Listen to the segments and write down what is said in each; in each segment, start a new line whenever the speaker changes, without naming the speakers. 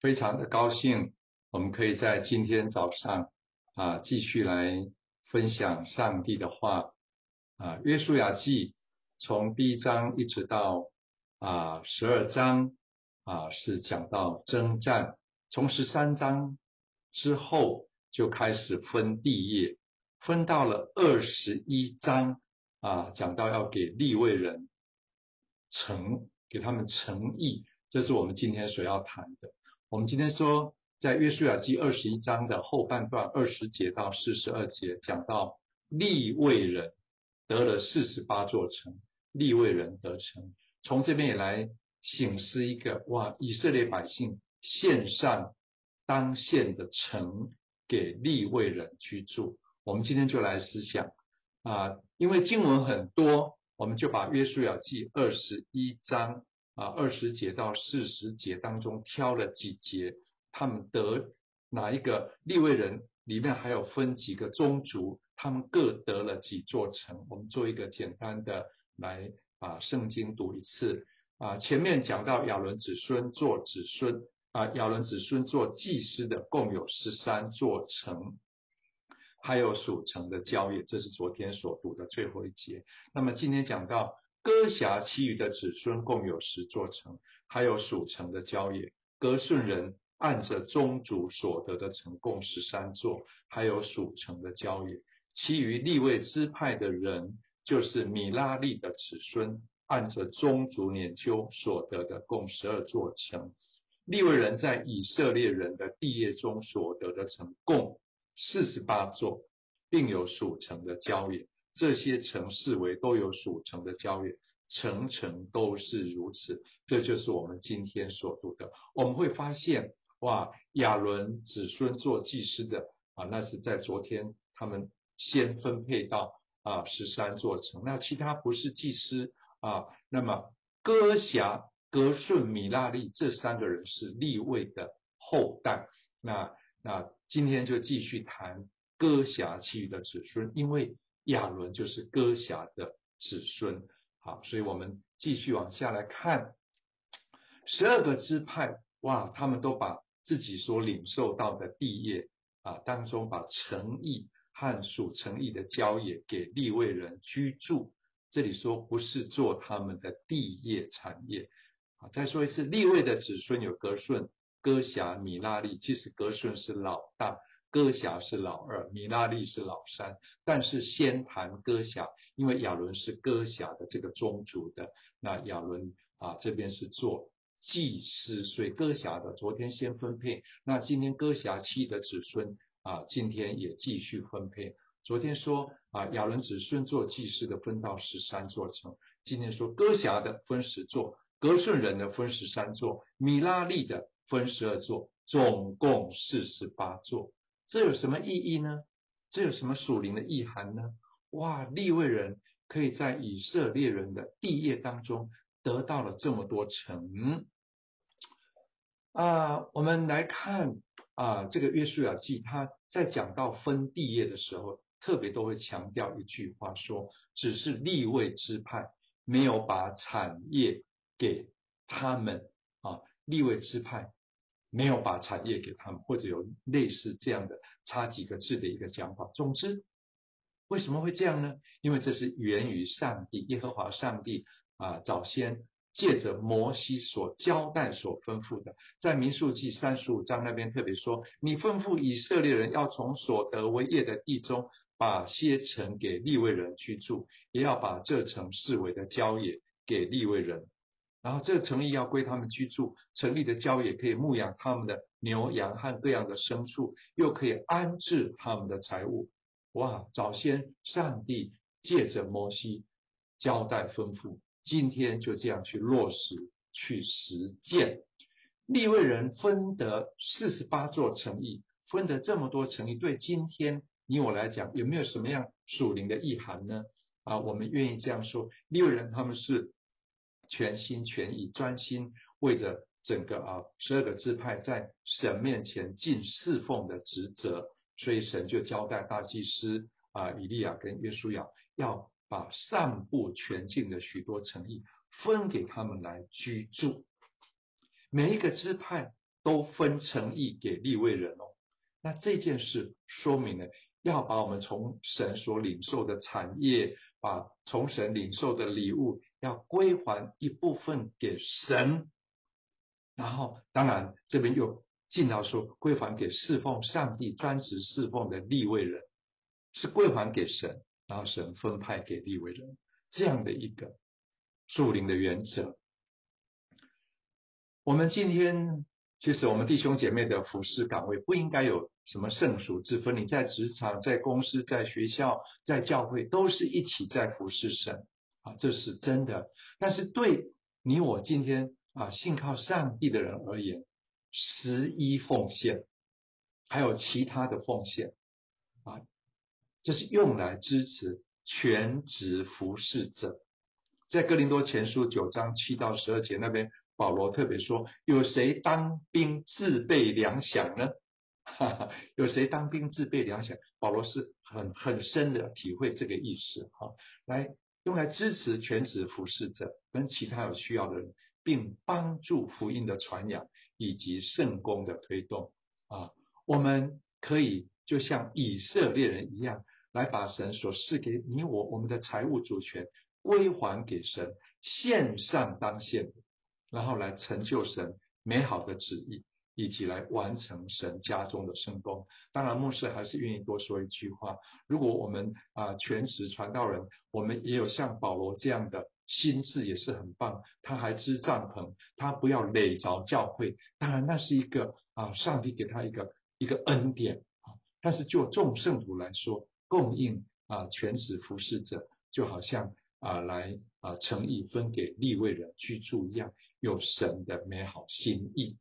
非常的高興，我們可以在今天早上啊繼續來分享上帝的話啊。約書亞記從第一章一直到啊十二章啊是講到征戰，從十三章之後就開始分地業，分到了二十一章啊講到要給利未人城，給他們城邑，這是我們今天所要談的。我們今天說，在約書亞記二十一章的後半段，二十節到四十二節，講到利未人得了四十八座城，利未人得城，從這邊也來省思一個，哇，以色列百姓獻上當獻的城給利未人居住。我們今天就來思想啊、呃，因為經文很多，我們就把約書亞記二十一章。啊，二十節到四十節當中挑了幾節，他們得哪一個利未人裡面還有分幾個宗族，他們各得了幾座城？我們做一個簡單的來啊，聖經讀一次啊，前面講到亞倫子孫做子孫啊，亞倫子孫做祭司的共有十三座城，還有屬城的教育，這是昨天所讀的最後一節。那麼今天講到。哥轄其餘的子孫共有十座城，還有屬城的郊野。革順人按着宗族所得的城共十三座，還有屬城的郊野。其餘利未支派的人，就是米拉利的子孫，按着宗族拈鬮所得的共十二座城。利未人在以色列人的地業中所得的城共四十八座，並有屬城的郊野。這些城四圍都有屬城的郊野，城城都是如此。這就是我們今天所讀的。我們會發現，哇，亞倫子孫做祭司的啊，那是在昨天他們先分配到啊十三座城。那其他不是祭司啊，那麼哥轄、哥順、米拉利這三個人是利未的後代。那那今天就繼續談哥轄其餘的子孫，因為。亞倫就是哥轄的子孫，好，所以我們繼續往下來看，十二個支派，哇，他們都把自己所領受到的地業啊，當中把城邑和屬城邑的郊野給利未人居住。這裡說不是做他們的地業產業，啊，再說一次，利未的子孫有革順、哥轄、米拉利，其實革順是老大。哥轄是老二，米拉利是老三，但是先談哥轄，因為亞倫是哥轄的這個宗族的。那亞倫啊，這邊是做祭司，所以哥轄的昨天先分配，那今天哥轄氏的子孫啊，今天也繼續分配。昨天說啊，亞倫子孫做祭司的分到十三座城，今天說哥轄的分十座，革順人的分十三座，米拉利的分十二座，總共四十八座。這有什麼意義呢？這有什麼屬靈的意涵呢？哇，利未人可以在以色列人的地業當中得到了這麼多城。啊！我們來看啊，這個約書亞記他在講到分地業的時候，特別都會強調一句話說：只是利未支派沒有把產業給他們啊，利未支派。沒有把產業給他們，或者有類似這樣的差幾個字的一個講法。總之，為什麼會這樣呢？因為這是源於上帝耶和華上帝啊、呃，早先借着摩西所交代、所吩咐的，在民數記三十五章那邊特別說：“你吩咐以色列人要從所得為業的地中，把些城給利未人居住，也要把這城四圍的郊野給利未人。”然後這個城邑要歸他們居住，城邑的郊野可以牧養他們的牛羊和各樣的牲畜，又可以安置他們的財物。哇！早先上帝借着摩西交代吩咐，今天就這樣去落實去實踐。利未人分得四十八座城邑，分得這麼多城邑，對今天你我來講，有沒有什麼樣屬靈的意涵呢？啊，我們願意這樣說，利未人他們是。全心全意、專心為着整個啊十二個支派，在神面前盡侍奉的職責所以神就交代大祭司啊以利亞跟約書亞，要把散布全境的許多城邑分給他們來居住，每一個支派都分城邑給利未人哦。那這件事說明了要把我們從神所領受的產業，把從神領受的禮物。要歸還一部分給神，然後當然這邊又進到說歸還給侍奉上帝、專職侍奉的利未人，是歸還給神，然後神分派給利未人這樣的一個屬靈的原則。我們今天其實我們弟兄姐妹的服侍崗位不應該有什麼聖俗之分，你在職場、在公司、在學校、在教會，都是一起在服侍神。啊，這是真的。但是對你我今天啊，信靠上帝的人而言，十一奉獻還有其他的奉獻啊，這是用來支持全職服侍者。在哥林多前書九章七到十二節那邊，保羅特別說：“有誰當兵自備糧餉呢？哈哈，有誰當兵自備糧餉？”保羅是很很深的體會這個意思哈，啊，來。用來支持全職服侍者跟其他有需要的人，並幫助福音的傳揚以及聖工的推動。啊，我們可以就像以色列人一樣，來把神所賜給你我我們的財務主權歸還給神，獻上當獻的，然後來成就神美好的旨意。一起來完成神家中的聖工，當然，牧師還是願意多說一句話。如果我們啊、呃、全職傳道人，我們也有像保羅這樣的心智也是很棒。他還織帳篷，他不要累着教會。當然，那是一個啊、呃，上帝給他一個一個恩典啊。但是就眾聖徒來說，供應啊、呃、全職服侍者，就好像啊、呃、來啊城邑分給利未人居住一樣，有神的美好心意。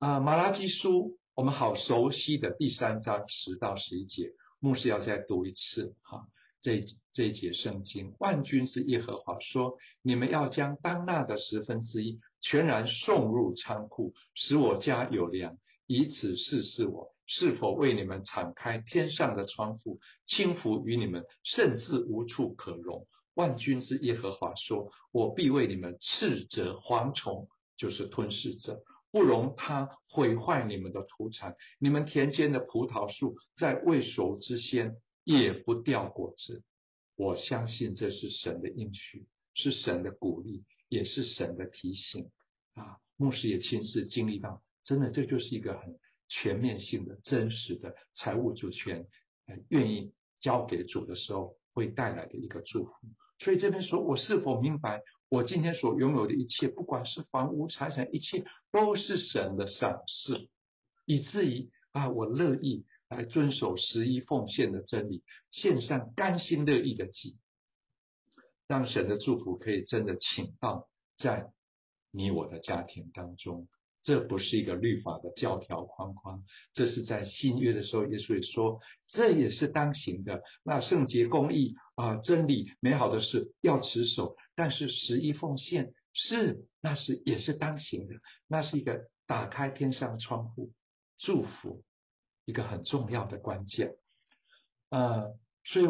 啊，馬拉基書我們好熟悉的第三章十到十一節，牧師要再讀一次哈。這這一節聖經，萬軍之耶和華說：“你們要將當納的十分之一全然送入倉庫，使我家有糧，以此試試我是否為你們敞開天上的窗戶，傾福與你們甚至無處可容。”萬軍之耶和華說：“我必為你們斥責蝗蟲，就是吞噬者。”不容他毀壞你們的土產，你們田間的葡萄樹在未熟之先也不掉果子。我相信這是神的應許，是神的鼓勵，也是神的提醒啊！牧師也親自經歷到，真的，這就是一個很全面性的、真實的財務主權，願意交給主的時候，會帶來的一個祝福。所以這邊說，我是否明白我今天所擁有的一切，不管是房屋、財產，一切都是神的賞賜，以至於啊，我樂意來遵守十一奉獻的真理，獻上甘心樂意的祭，讓神的祝福可以真的請到在你我的家庭當中。這不是一個律法的教條框框，這是在新約的時候，耶穌也說這也是當行的。那聖潔公義啊、呃，真理美好的事要持守，但是十一奉獻是那是也是當行的，那是一個打開天上窗戶祝福一個很重要的關鍵。呃，所以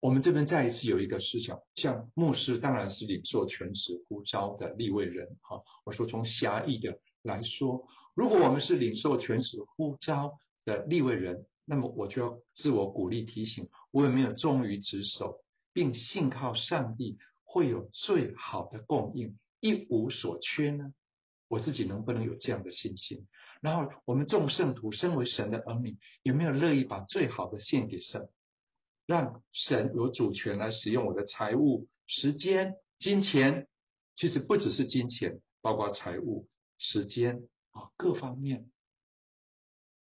我們這邊再一次有一個思想，像牧師當然是領受全職呼召的利未人哈、哦，我說從狹義的來說，如果我們是領受全職呼召的利未人，那麼我就要自我鼓勵提醒：我有沒有忠於職守，並信靠上帝會有最好的供應，一無所缺呢？我自己能不能有這樣的信心？然後，我們眾聖徒身為神的兒女，有沒有樂意把最好的獻給神，讓神有主權來使用我的財物、時間、金錢？其實不只是金錢，包括財物。時間啊、哦，各方面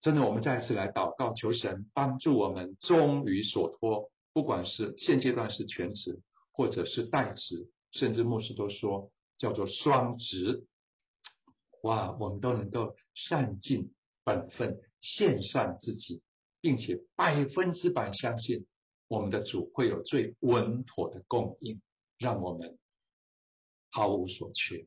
真的，我們再次來禱告，求神幫助我們忠於所託。不管是現階段是全職，或者是帶職，甚至牧師都說叫做雙職，哇，我們都能夠善盡本分，獻上自己，並且百分之百相信我們的主會有最穩妥的供應，讓我們毫無所缺。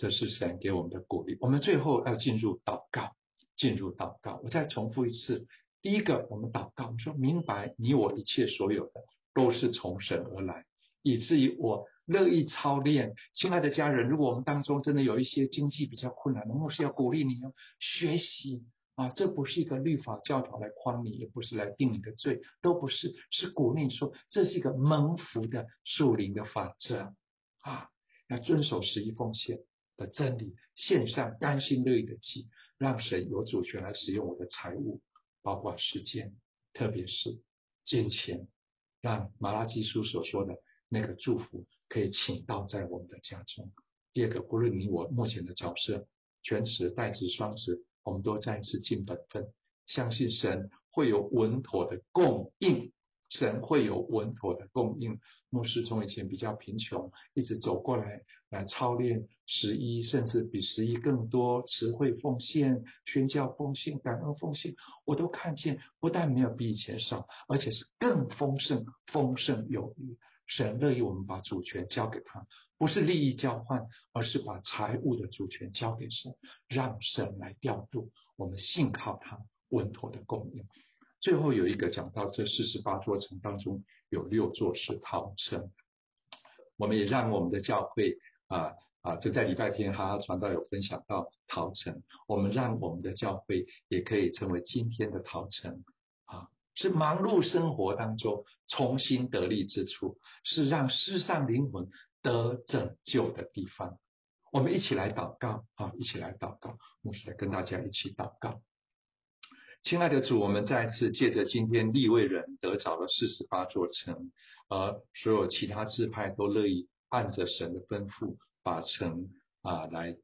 這是神給我們的鼓勵。我們最後要進入禱告，進入禱告。我再重複一次：第一個，我們禱告，我們說明白，你我一切所有的都是從神而來，以至於我樂意操練。親愛的家人，如果我們當中真的有一些經濟比較困難，我們是要鼓勵你哦，學習啊，這不是一個律法教條來框你，也不是來定你的罪，都不是，是鼓勵你說，這是一個蒙福的樹林的法則啊，要遵守十一奉獻。的真理，獻上甘心樂意的祭，讓神有主權來使用我的財物，包括時間，特別是金錢，讓馬拉基書所說的那個祝福可以請到在我們的家中。第二個，不論你我目前的角色，全職、帶職、雙職，我們都再一次盡本分，相信神會有穩妥的供應，神會有穩妥的供應。牧師從以前比較貧窮，一直走過來。來操練十一，甚至比十一更多，慈惠奉獻、宣教奉獻、感恩奉獻，我都看見，不但沒有比以前少，而且是更豐盛、豐盛有餘。神樂意我們把主權交給他，不是利益交換，而是把財務的主權交給神，讓神來調度。我們信靠他穩妥的供應。最後有一個講到，這四十八座城當中有六座是逃城，我們也讓我們的教會。啊啊！就、啊、在禮拜天，哈哈，傳道有分享到逃城，我們讓我們的教會也可以成為今天的逃城啊，是忙碌生活當中重新得力之處，是讓失喪靈魂得拯救的地方。我們一起來禱告啊，一起來禱告，牧師來跟大家一起禱告。親愛的主，我們再次借着今天利未人得着了四十八座城，而、呃、所有其他支派都樂意。按着神的吩咐，把城啊、呃、來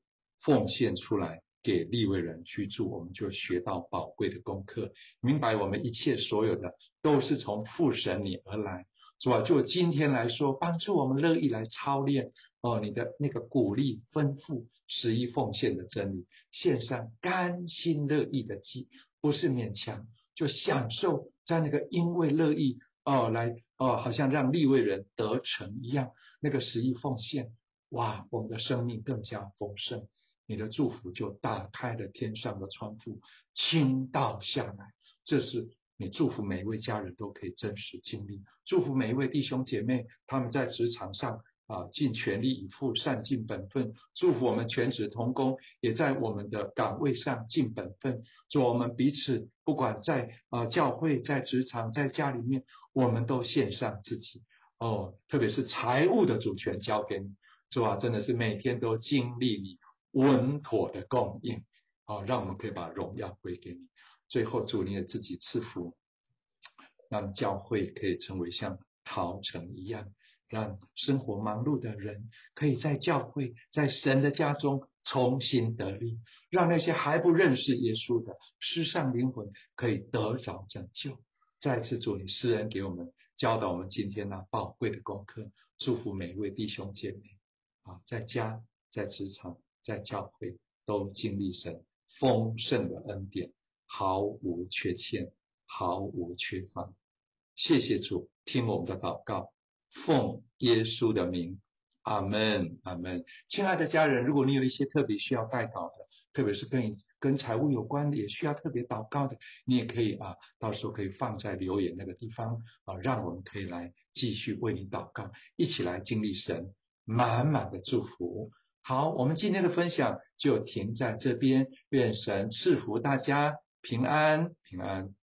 奉獻出來給利未人居住，我們就學到寶貴的功課，明白我們一切所有的都是從父神你而來，是吧？就今天來說，幫助我們樂意來操練哦、呃，你的那個鼓勵、吩咐、十一奉獻的真理，獻上甘心樂意的祭，不是勉強，就享受在那個因為樂意。哦，來哦，好像讓利未人得城一樣，那個十一奉獻，哇，我們的生命更加豐盛，你的祝福就打開了天上的窗戶傾倒下來，這是你祝福每一位家人都可以真實經歷，祝福每一位弟兄姐妹，他們在職場上。啊，盡全力以赴，善盡本分，祝福我們全職同工也在我們的崗位上盡本分，祝我們彼此不管在啊教會、在職場、在家裡面，我們都獻上自己哦。特別是財務的主權交給你，是吧、啊？真的是每天都經歷你穩妥的供應，啊、哦，讓我們可以把榮耀歸給，給你。最後，主你也自己賜福，讓教會可以成為像逃城一樣。讓生活忙碌的人可以在教會，在神的家中重新得力；讓那些還不認識耶穌的失喪靈魂可以得着拯救。再次祝你施恩給我們，教導我們今天那寶貴的功課，祝福每一位弟兄姐妹啊，在家、在職場、在教會都經歷神豐盛的恩典，毫無缺欠，毫無缺乏。謝謝主，聽我們的禱告。奉耶穌的名，阿門，阿門。親愛的家人，如果你有一些特別需要代禱的，特別是跟跟財務有關的，也需要特別禱告的，你也可以啊，到時候可以放在留言那個地方啊，讓我們可以來繼續為你禱告，一起來經歷神滿滿的祝福。好，我們今天的分享就停在這邊，願神賜福大家平安，平安。